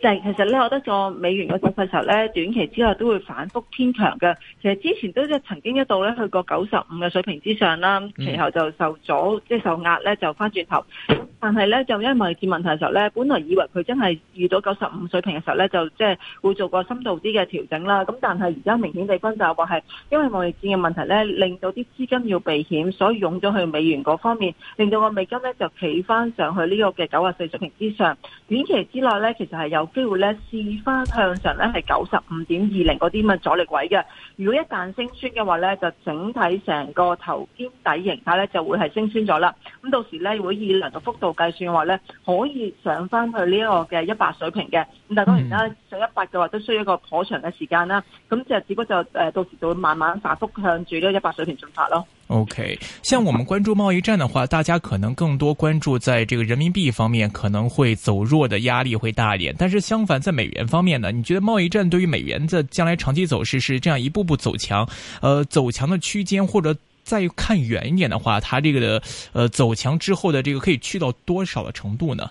就係其實咧，我覺得個美元個走勢時候咧，短期之內都會反覆偏強嘅。其實之前都曾經一度咧去過九十五嘅水平之上啦，然後就受阻即係受壓咧，就翻轉頭。但係咧就因為貿易戰問題嘅時候咧，本來以為佢真係遇到九十五水平嘅時候咧，就即係會做個深度啲嘅調整啦。咁但係而家明顯地方就話係因為貿易戰嘅問題咧，令到啲資金要避險，所以湧咗去美元嗰方面，令到個美金咧就企翻上去呢個嘅九啊四水平之上。短期之內咧，其實係有機會咧，試翻向上咧係九十五點二零嗰啲咁嘅阻力位嘅。如果一旦升穿嘅話咧，就整體成個頭肩底形態咧就會係升穿咗啦。咁到時咧會以量度幅度計算嘅話咧，可以上翻去呢一個嘅一百水平嘅。咁但係當然啦，上一百嘅話都需要一個頗長嘅時間啦。咁就係只不過就誒，到時就會慢慢反覆向住呢個一百水平進發咯。OK，像我們關注貿易戰的話，大家可能更多關注在這個人民幣方面，可能會走弱的壓力會大一點。但是相反，在美元方面呢，你覺得貿易戰對於美元的將來長期走勢是這樣一步步走強？呃，走強的區間，或者再看遠一點的話，它這個的呃走強之後的這個可以去到多少的程度呢？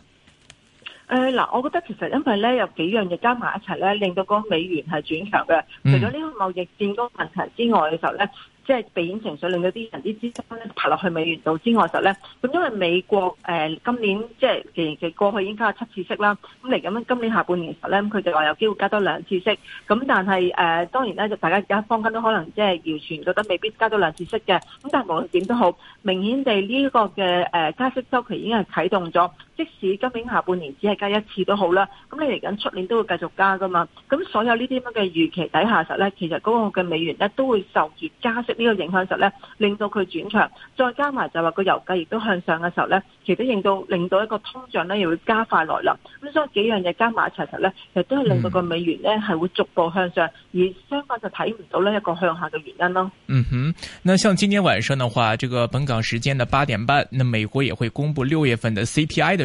呃嗱，我覺得其實因為呢有幾樣嘢加埋一齊咧，令到個美元係轉強嘅。除咗呢個貿易戰個問題之外嘅時候咧。嗯即係避險情緒令到啲人啲資金咧爬落去美元度之外實咧，咁因為美國誒今年即係其其過去已經加咗七次息啦，咁嚟緊今年下半年實咧，佢就話有機會加多兩次息，咁但係誒、呃、當然咧，大家而家坊間都可能即係謠傳覺得未必加多兩次息嘅，咁但無論點都好，明顯地呢個嘅誒加息周期已經係啟動咗。即使今年下半年只係加一次都好啦，咁你嚟緊出年都會繼續加噶嘛？咁所有呢啲咁嘅預期底下實呢，其實嗰個嘅美元呢都會受住加息呢個影響實呢，令到佢轉強，再加埋就係話個油價亦都向上嘅時候呢，其實令到令到一個通脹呢又會加快來臨，咁所以幾樣嘢加埋一齊實呢，其實都係令到個美元呢係會逐步向上，而相反就睇唔到呢一個向下嘅原因咯。嗯哼，那像今天晚上嘅話，這個本港時間嘅八點半，那美國也會公布六月份嘅 CPI 嘅。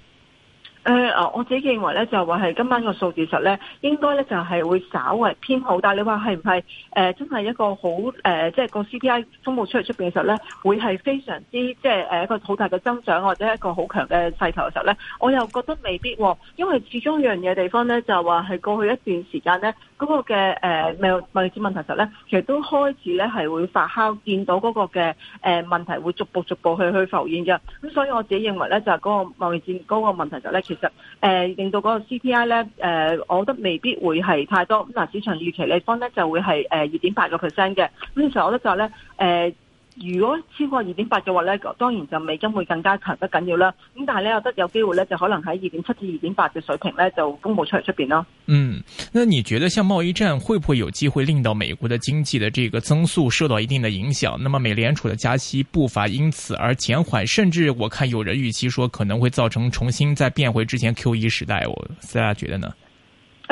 誒，啊、呃，我自己認為咧，就話係今晚個數字實咧，應該咧就係會稍為偏好。但係你話係唔係？誒、呃，真係一個好誒，即、呃、係、就是、個 CPI 公布出嚟出面嘅時候咧，會係非常之即係誒一個好大嘅增長或者一個好強嘅勢頭嘅時候咧，我又覺得未必。呃、因為始終一樣嘢地方咧，就話係過去一段時間咧。嗰個嘅誒貿貿易戰問題就咧，其實都開始咧係會發酵，見到嗰個嘅問題會逐步逐步去去浮現嘅。咁所以我自己認為咧，就係、是、嗰個貿易戰嗰個問題就咧，其實誒、呃、令到嗰個 CPI 咧、呃、我覺得未必會係太多。咁嗱，市場預期咧方咧就會係誒二點八個 percent 嘅。咁其實我覺得就係咧如果超過二點八嘅話呢，當然就美金會更加強得緊要啦。咁但係呢，我覺得有機會呢，就可能喺二點七至二點八嘅水平呢，就公布出嚟出邊咯。嗯，那你覺得像貿易戰會不會有機會令到美國的經濟的這個增速受到一定的影響？那麼，美聯儲的加息步伐因此而減緩，甚至我看有人預期說可能會造成重新再變回之前 QE 時代。我 s i 覺覺得呢？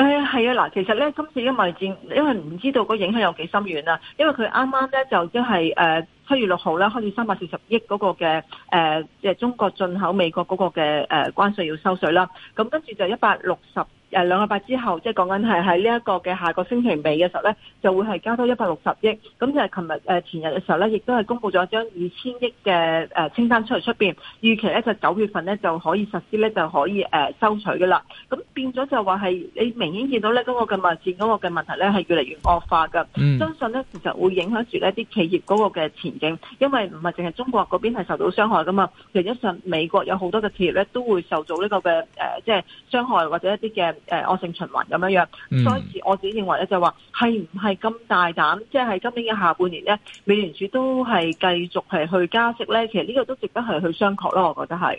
誒係啊，嗱、呃，其實咧，今次因為戰，因為唔知道個影響有幾深遠啦。因為佢啱啱咧就即係誒七月六號咧開始三百四十億嗰個嘅誒，即、呃、係、就是、中國進口美國嗰個嘅誒關稅要收稅啦。咁跟住就一百六十。誒兩個八之後，即係講緊係喺呢一個嘅下個星期尾嘅時候咧，就會係加多一百六十億。咁就係琴日誒前日嘅時候咧，亦都係公布咗一張二千億嘅誒清單出嚟出邊，預期咧就九月份咧就可以實施咧就可以誒、呃、收取㗎啦。咁變咗就話係你明顯見到咧嗰、那個嘅貿戰嗰個嘅問題咧係越嚟越惡化㗎。嗯、相信咧其實會影響住一啲企業嗰個嘅前景，因為唔係淨係中國嗰邊係受到傷害㗎嘛。其實上美國有好多嘅企業咧都會受到呢、這個嘅誒、呃，即係傷害或者一啲嘅。誒惡性循環咁樣樣，嗯、所以我自己認為咧，就話係唔係咁大膽，即係今年嘅下半年咧，美聯儲都係繼續係去加息咧，其實呢個都值得係去商榷咯，我覺得係。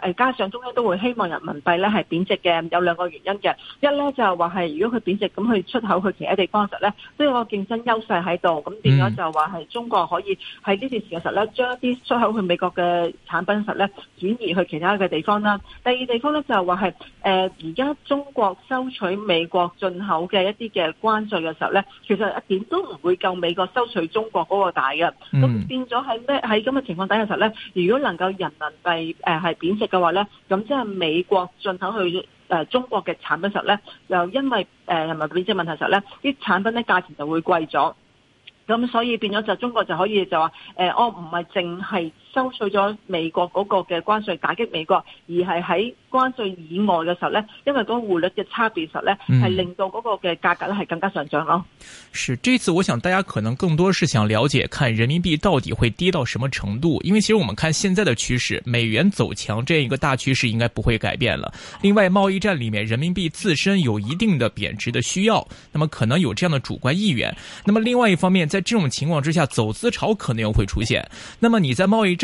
誒加上中央都會希望人民幣咧係貶值嘅，有兩個原因嘅。一咧就係話係，如果佢貶值咁去出口去其他地方嘅時候咧，都有個競爭優勢喺度。咁點樣就話係中國可以喺呢段時間嘅時候咧，將一啲出口去美國嘅產品實咧轉移去其他嘅地方啦。第二地方咧就係話係誒，而、呃、家中國收取美國進口嘅一啲嘅關稅嘅時候咧，其實一點都唔會夠美國收取中國嗰個大嘅。咁、嗯、變咗喺咩喺咁嘅情況底下實咧，如果能夠人民幣誒係貶值。呃嘅話咧，咁即係美國進口去誒、呃、中國嘅產品時候咧，又因為誒人民幣貶值問題時候咧，啲產品咧價錢就會貴咗，咁所以變咗就中國就可以就話誒，我唔係淨係。哦收稅咗美國嗰個嘅關稅，打擊美國，而係喺關稅以外嘅時候呢，因為嗰個匯率嘅差別實呢，係令到嗰個嘅價格咧係更加上漲咯、嗯。是，這次我想大家可能更多是想了解，看人民幣到底會跌到什麼程度？因為其實我們看現在的趨勢，美元走強這樣一個大趨勢應該不會改變了。另外，貿易戰裡面人民幣自身有一定的貶值的需要，那麼可能有這樣的主觀意願。那麼另外一方面，在這種情況之下，走資潮可能又會出現。那麼你在貿易戰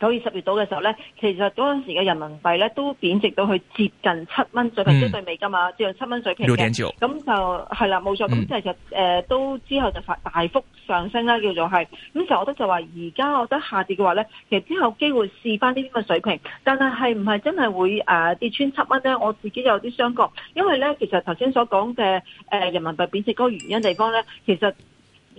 九月十月度嘅時候咧，其實嗰時嘅人民幣咧都貶值到去接近七蚊水平，即對、嗯、美金啊嘛，接近七蚊水平嘅，咁 6. 9, 就係啦，冇錯。咁即係就誒、是、都、呃、之後就發大幅上升啦，叫做係。咁時我覺得就話而家我覺得下跌嘅話咧，其實之後機會試翻呢啲咁嘅水平，但係係唔係真係會誒跌穿七蚊咧？我自己有啲商榷，因為咧其實頭先所講嘅、呃、人民幣貶值嗰個原因地方咧，其實。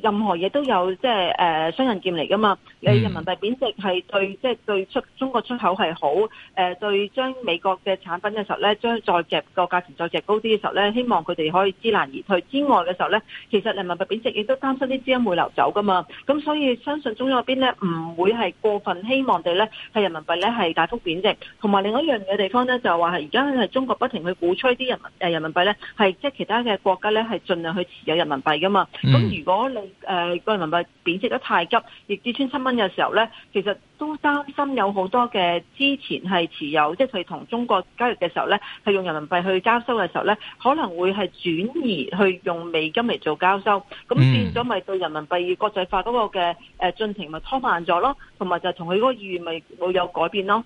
任何嘢都有，即係誒雙刃劍嚟噶嘛。你人民幣貶值係對即係、就是、對出中國出口係好誒、呃，對將美國嘅產品嘅時候咧，將再夾個價錢再夾高啲嘅時候咧，希望佢哋可以知難而退之外嘅時候咧，其實人民幣貶值亦都擔心啲資金會流走噶嘛。咁所以相信中央邊咧唔會係過分希望哋咧，係人民幣咧係大幅貶值。同埋另外一樣嘅地方咧，就話係而家係中國不停去鼓吹啲人、呃、人民誒人民幣咧係即係其他嘅國家咧係盡量去持有人民幣噶嘛。咁、嗯、如果你誒、呃，人民幣貶值得太急，亦至穿七蚊嘅時候咧，其實都擔心有好多嘅之前係持有，即係佢同中國交易嘅時候咧，係用人民幣去交收嘅時候咧，可能會係轉移去用美金嚟做交收，咁變咗咪對人民幣國際化嗰個嘅誒進程咪拖慢咗咯，同埋就同佢嗰個意願咪會有改變咯。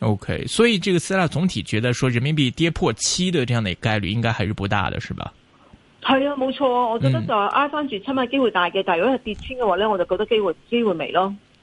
O、okay, K，所以這個市場總體覺得說人民幣跌破七的這樣的概率應該還是不大的，是吧？係啊，冇錯啊，我覺得就係挨翻住七蚊機會大嘅，但係如果係跌穿嘅話咧，我就覺得機會機會微咯。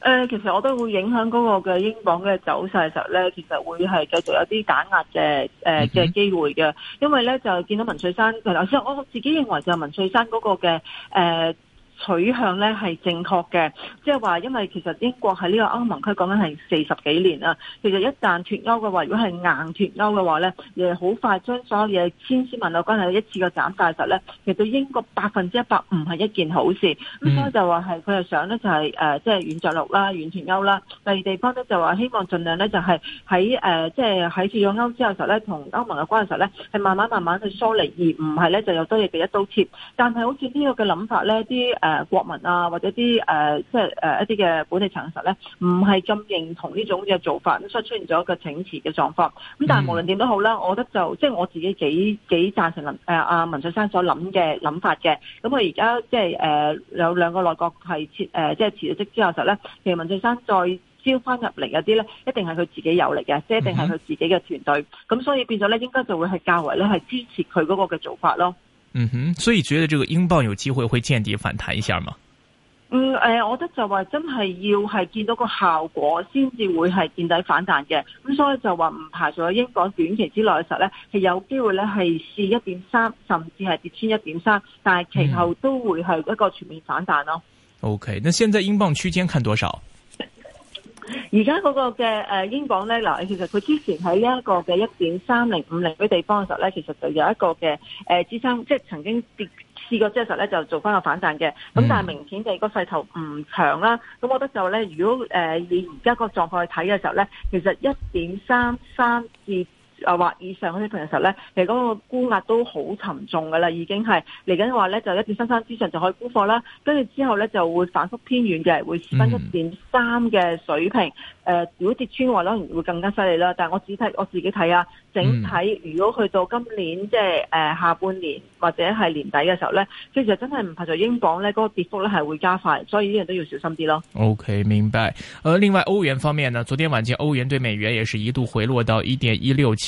誒、呃，其實我都會影響嗰個嘅英鎊嘅走勢實咧，其實會係繼續有啲減壓嘅誒嘅機會嘅，因為咧就見到文翠珊，其實我自己認為就係文翠珊嗰個嘅誒。呃取向咧係正確嘅，即係話，因為其實英國喺呢個歐盟區講緊係四十幾年啦。其實一旦脱歐嘅話，如果係硬脱歐嘅話咧，亦好快將所有嘢千絲萬縷關係一次過斬曬實咧，其實對英國百分之一百唔係一件好事。咁、嗯、所以就話係佢就想咧就係即係軟著陸啦、軟脱歐啦。第二地方咧就話希望盡量咧就係喺即係喺脱咗歐之後實咧，同歐盟嘅關係實咧係慢慢慢慢去疏離，而唔係咧就有多嘢嘅一刀切。但係好似呢個嘅諗法咧，啲誒、呃、國民啊，或者啲誒、呃、即係、呃、一啲嘅本地層實咧，唔係咁認同呢種嘅做法，所以出現咗一個請辭嘅狀況。咁但係無論點都好啦，我覺得就即係我自己幾幾贊成林誒阿、呃、文俊生所諗嘅諗法嘅。咁佢而家即係誒有兩個內閣係、呃、辭即係辭咗職之後實咧，其實文俊生再招翻入嚟嗰啲咧，一定係佢自己有利嘅，嗯、哼即係一定係佢自己嘅團隊。咁所以變咗咧，應該就會係較為咧係支持佢嗰個嘅做法咯。嗯哼，所以覺得這個英鎊有機會會見底反彈一下嗎？嗯，誒、呃，我覺得就話真係要係見到個效果，先至會係見底反彈嘅。咁所以就話唔排除喺英國短期之內嘅時候呢，係有機會呢，係試一點三，甚至係跌穿一點三，但係其後都會係一個全面反彈咯、嗯。OK，那現在英鎊區間看多少？而家嗰個嘅誒英鎊咧，嗱，其實佢之前喺呢一個嘅一點三零五零嗰地方嘅時候咧，其實就有一個嘅誒、呃、支撐，即係曾經跌試過之後實咧就做翻個反彈嘅。咁但係明顯就係個勢頭唔強啦。咁我覺得就咧，如果誒以而家個狀況去睇嘅時候咧，其實一點三三至，誒或、啊、以上嗰啲平嘅時候咧，其實嗰個沽壓都好沉重嘅啦，已經係嚟緊嘅話咧，就一點三三之上就可以沽貨啦。跟住之後咧就會反覆偏軟嘅，會蝕翻一點三嘅水平。誒、嗯呃，如果跌穿嘅話，可能會更加犀利啦。但係我只睇，我自己睇啊，整體如果去到今年即係誒下半年或者係年底嘅時候咧，其實真係唔排除英鎊咧嗰個跌幅咧係會加快，所以呢樣都要小心啲咯。OK，明白。誒、呃，另外歐元方面呢，昨天晚間歐元對美元也是一度回落到一點一六七。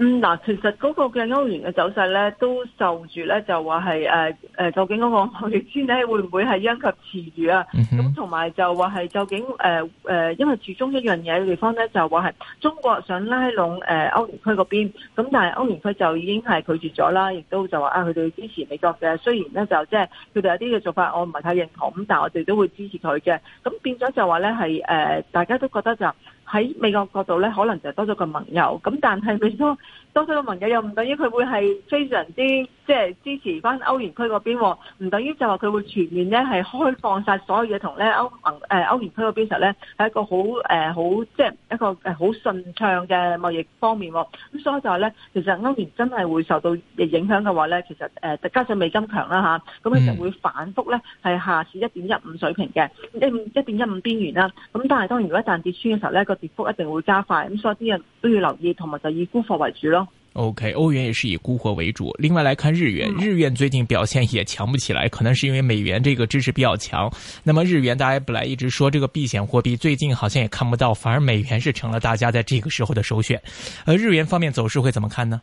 嗯嗱，其實嗰個嘅歐元嘅走勢咧，都受住咧，就話係、呃、究竟嗰、嗰個歐元兌呢會唔會係殃及池魚啊？咁同埋就話係究竟誒、呃呃、因為始終一樣嘢嘅地方咧，就話係中國想拉攏、呃、歐元區嗰邊，咁但係歐元區就已經係拒絕咗啦，亦都就話啊，佢哋支持美國嘅，雖然咧就即係佢哋有啲嘅做法我唔係太認同，咁但係我哋都會支持佢嘅。咁變咗就話咧係大家都覺得就。喺美國角度咧，可能就多咗個盟友，咁但係佢都多數嘅盟友又唔等於佢會係非常之即係、就是、支持翻歐元區嗰邊，唔等於就話佢會全面咧係開放晒所有嘢同咧歐盟誒歐元區嗰邊實咧係一個、呃、好誒好即係一個誒好順暢嘅貿易方面。咁所以就話咧，其實歐元真係會受到影響嘅話咧，其實誒加上美金強啦吓，咁佢就會反覆咧係下試一點一五水平嘅一一點一五邊緣啦。咁但係當然如果一旦跌穿嘅時候咧，個跌幅一定會加快。咁所以啲人都要留意，同埋就以沽貨為主咯。OK，歐元也是以沽貨為主。另外來看日元，日元最近表現也強不起來，可能是因為美元這個支持比較強。那麼日元大家本來一直說這個避險貨幣，最近好像也看不到，反而美元是成了大家在這個時候的首選。而，日元方面走勢會怎麼看呢？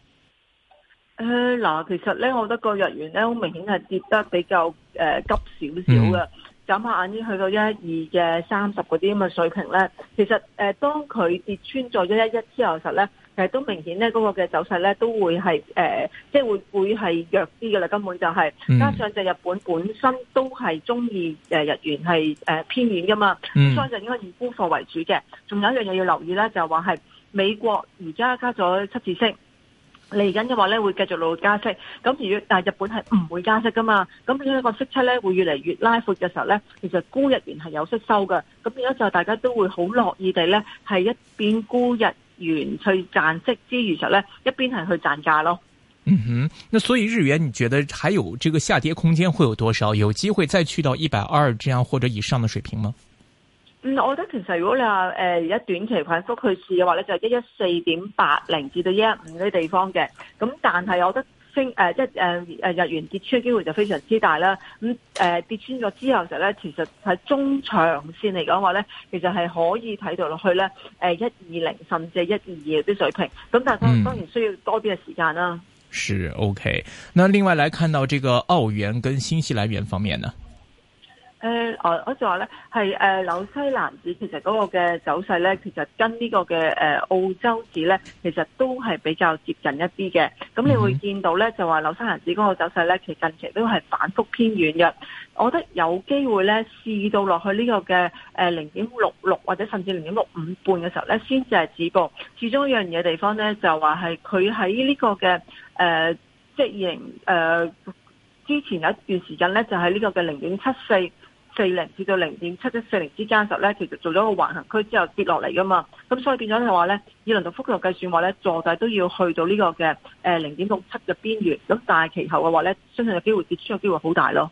呃，嗱，其實呢，我覺得個日元呢，好明顯係跌得比較呃急少少嘅。眨、嗯、下眼已經去到一二嘅三十嗰啲咁嘅水平呢，其實誒、呃，當佢跌穿咗一一一之後實呢。呃、都明顯咧，嗰、那個嘅走勢咧都會係、呃、即係會會係弱啲嘅啦。根本就係、是、加上就日本本身都係中意日元係、呃、偏軟㗎嘛，咁、嗯、所以就應該以沽貨為主嘅。仲有一樣嘢要留意咧，就係話係美國而家加咗七字息，嚟緊嘅話咧會繼續攞加息。咁如但日本係唔會加息㗎嘛，咁咁一個息差咧會越嚟越拉闊嘅時候咧，其實沽日元係有息收嘅。咁變咗就大家都會好樂意地咧，係一邊沽日元去賺息之餘，實咧一邊係去賺價咯。嗯哼，那所以日元你覺得還有這個下跌空間會有多少？有機會再去到一百二這樣或者以上的水平嗎？嗯，我覺得其實如果你話誒而家短期反復去試嘅話咧，就係一一四點八零至到一一五呢啲地方嘅。咁但係我覺得。升誒一誒誒日元跌穿嘅機會就非常之大啦，咁誒跌穿咗之後嘅時候咧，其實喺中長線嚟講話咧，其實係可以睇到落去咧誒一二零甚至係一二二啲水平，咁但係當然需要多啲嘅時間啦。是 OK，那另外嚟看到這個澳元跟新西蘭元方面呢？誒、呃，我我就話咧，係誒紐西蘭紙，其實嗰個嘅走勢咧，其實跟呢個嘅誒澳洲紙咧，其實都係比較接近一啲嘅。咁你會見到咧，就話紐西蘭紙嗰個走勢咧，其實近期都係反覆偏軟嘅。我覺得有機會咧試到落去呢個嘅誒零點六六或者甚至零點六五半嘅時候咧，先至係止步。始終一樣嘢地方咧，就話係佢喺呢個嘅誒、呃、即係誒、呃、之前有一段時間咧，就喺、是、呢個嘅零點七四。四零至到零點七一四零之間嘅時候咧，其實做咗個橫行區之後跌落嚟噶嘛，咁所以變咗嘅話咧，以量度幅度計算的話咧，座底都要去到呢個嘅誒零點六七嘅邊緣，咁但係其後嘅話咧，相信有機會跌穿，嘅機會好大咯。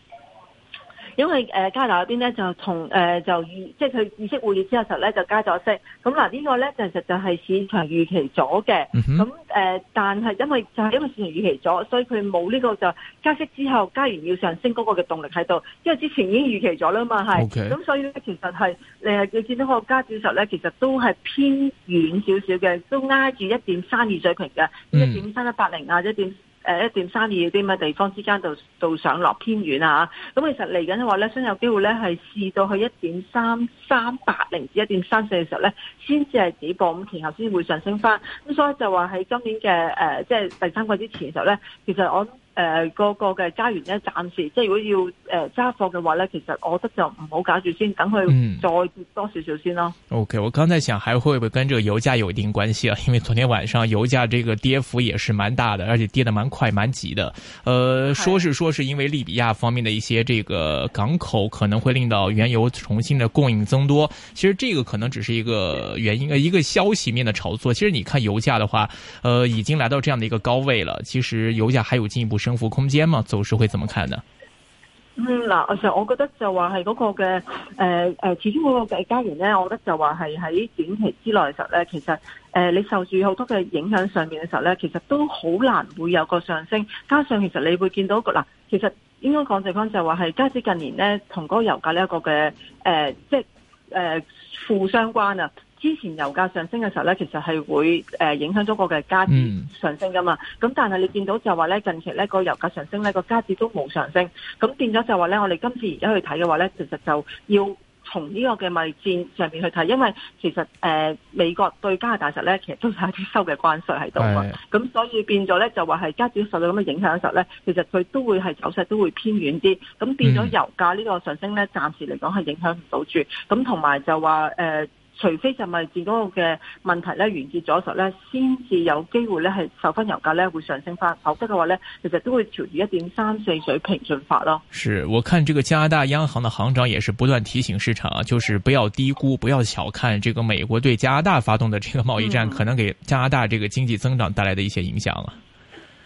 因為誒、呃、加拿大邊呢、呃，就同誒、呃、就即係佢議息會議之後就呢，就加咗息。咁嗱呢個呢，其實就係市場預期咗嘅，咁誒、嗯哼呃、但係因為就係、是、因為市場預期咗，所以佢冇呢個就加息之後加完要上升嗰個嘅動力喺度，因為之前已經預期咗啦嘛，係，咁 Okay. 所以呢，其實係你係你見到個加點實呢，其實都係偏遠少少嘅，都挨住一點三二水平嘅一點三一八零啊，一點。誒一點三二啲乜地方之間就度上落偏遠啊？咁其實嚟緊嘅話咧，想有機會咧，係試到去一點三三八零至一點三四嘅時候咧，先至係止步，咁前後先會上升翻。咁所以就話喺今年嘅誒即係第三季之前嘅時候咧，其實我。呃嗰個嘅加元呢，暫時即係如果要呃加貨嘅話呢，其實我覺得就唔好搞住先，等佢再跌多少少先咯。嗯、o、okay, K，我剛才想還會唔會跟這個油價有一定關係啊？因為昨天晚上油價這個跌幅也是蠻大的，而且跌得蠻快、蠻急的。呃，是說是說是因為利比亞方面的一些這個港口可能會令到原油重新的供應增多。其實這個可能只是一個原因，是呃、一個消息面的炒作。其實你看油價的話，呃，已經來到這樣的一個高位了。其實油價還有進一步。升幅空間嘛，走勢會怎麼看呢？嗯嗱，其實我覺得就話係嗰個嘅，誒、呃、誒，始終嗰個嘅加元咧，我覺得就話係喺短期之內嘅時候咧，其實誒、呃、你受住好多嘅影響上面嘅時候咧，其實都好難會有個上升，加上其實你會見到個嗱、呃，其實應該講地方就話係加之近年咧同嗰個油價呢一個嘅，誒、呃、即係誒負相關啊。之前油價上升嘅時候咧，其實係會誒、呃、影響咗國嘅加值上升噶嘛。咁、嗯、但係你見到就話咧，近期咧個油價上升咧，個加值都冇上升。咁變咗就話咧，我哋今次而家去睇嘅話咧，其實就要從呢個嘅貿易戰上面去睇，因為其實誒、呃、美國對加拿大實咧，其實都係有啲收嘅關稅喺度。咁所以變咗咧就話係加值受到咁嘅影響嘅時候咧，其實佢都會係走勢都會偏遠啲。咁變咗油價呢個上升咧，嗯、暫時嚟講係影響唔到住。咁同埋就話誒。呃除非就貿易戰嗰個嘅問題咧源自咗實咧，先至有機會咧係受分油價咧會上升翻，否則嘅話咧其實都會朝住一點三四水平進發咯。是我看這個加拿大央行的行長也是不斷提醒市場啊，就是不要低估、不要小看這個美國對加拿大發動的這個貿易戰可能給加拿大這個經濟增長帶來的一些影響。啊、嗯。.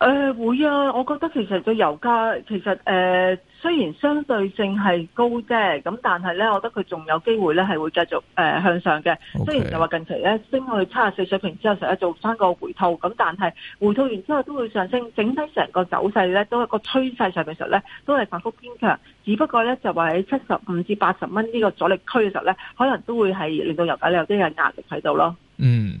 誒、呃，會啊！我覺得其實個油價，其實誒、呃，雖然相對性係高啫，咁但係咧，我覺得佢仲有機會咧，係會繼續誒、呃、向上嘅。Okay. 雖然就話近期咧升去七十四水平之後，成日做翻個回吐，咁但係回吐完之後都會上升，整體成個走勢咧都係個趨勢上面實咧都係反覆偏強。只不過咧就話喺七十五至八十蚊呢個阻力區嘅時候咧，可能都會係令到油價有啲嘅壓力喺度咯。嗯。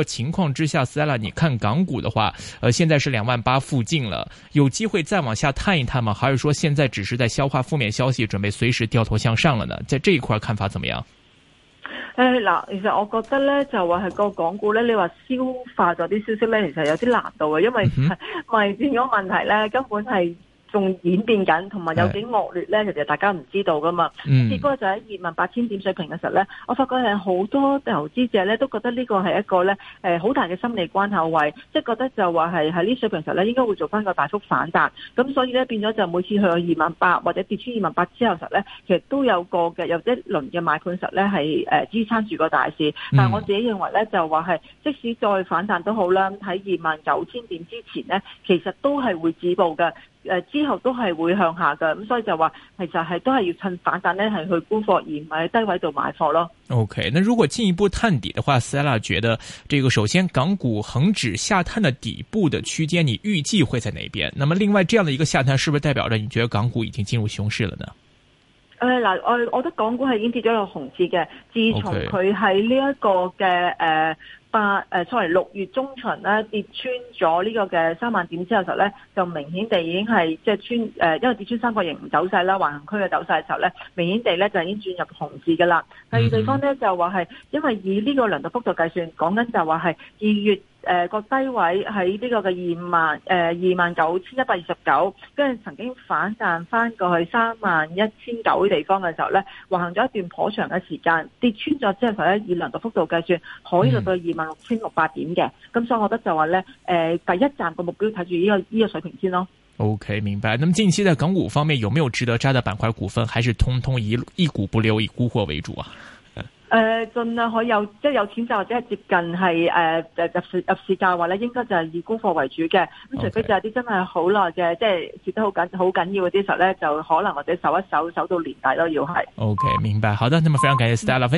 情況之下，Stella，你看港股的話，呃，現在是兩萬八附近了，有機會再往下探一探嗎？還是說現在只是在消化負面消息，準備隨時掉頭向上了呢？在這一塊看法怎麼樣？哎嗱、呃，其實我覺得呢，就話係個港股呢，你話消化咗啲消息呢，其實有啲難度啊，因為咪變咗問題呢，根本係。仲演變緊，同埋有幾惡劣咧？其實是大家唔知道噶嘛。嗯、結果就喺二萬八千點水平嘅時候咧，我發覺係好多投資者咧都覺得呢個係一個咧好大嘅心理關口位，即、就、係、是、覺得就話係喺呢水平時候咧應該會做翻個大幅反彈。咁所以咧變咗就每次去到二萬八或者跌穿二萬八之後實咧，其實都有個嘅有一輪嘅買盤實咧係支撐住個大市。嗯、但係我自己認為咧就話係即使再反彈都好啦，喺二萬九千點之前咧，其實都係會止步嘅。誒，之後都係會向下噶咁所以就話其實係都係要趁反彈呢係去沽貨，而唔係喺低位度買貨咯。OK，那如果進一步探底的話，Stella 覺得，這個首先港股恒指下探的底部的區間，你預計會在哪邊？那麼另外，這樣的一個下探，是不是代表着你覺得港股已經進入熊市了呢？誒，嗱，我我覺得港股係已經跌咗個熊市嘅，自從佢喺呢一個嘅誒。Okay. 呃八誒，作為六月中旬咧跌穿咗呢個嘅三萬點之後嘅時候咧，就明顯地已經係即係穿誒，因為跌穿三角形走勢啦，橫行區嘅走勢嘅時候咧，明顯地咧就已經轉入熊市嘅啦。第二地方咧就話係因為以呢個量度幅度計算，講緊就話係二月。誒，個、呃、低位喺呢個嘅二萬，誒、呃、二萬九千一百二十九，跟住曾經反彈翻過去三萬一千九嘅地方嘅時候咧，橫行咗一段頗長嘅時間，跌穿咗之後咧，以量度幅度計算，可以到到二萬六千六百點嘅，咁、嗯嗯、所以我覺得就話咧，誒、呃、第一站個目標睇住呢個呢、呢個水平先咯。OK，明白。咁近期在港股方面，有沒有值得揸嘅板塊股份，還是通通一一股不留，以沽貨為主啊？誒，盡量可以有，即係有錢就或者係接近係誒誒入市入市價嘅話咧，應該就係以沽貨為主嘅。咁除非就係啲真係好耐嘅，即係跌得好緊好緊要嗰啲時候咧，就可能或者守一守守到年底都要係。OK，明白。好的，咁啊，非常感謝。嗯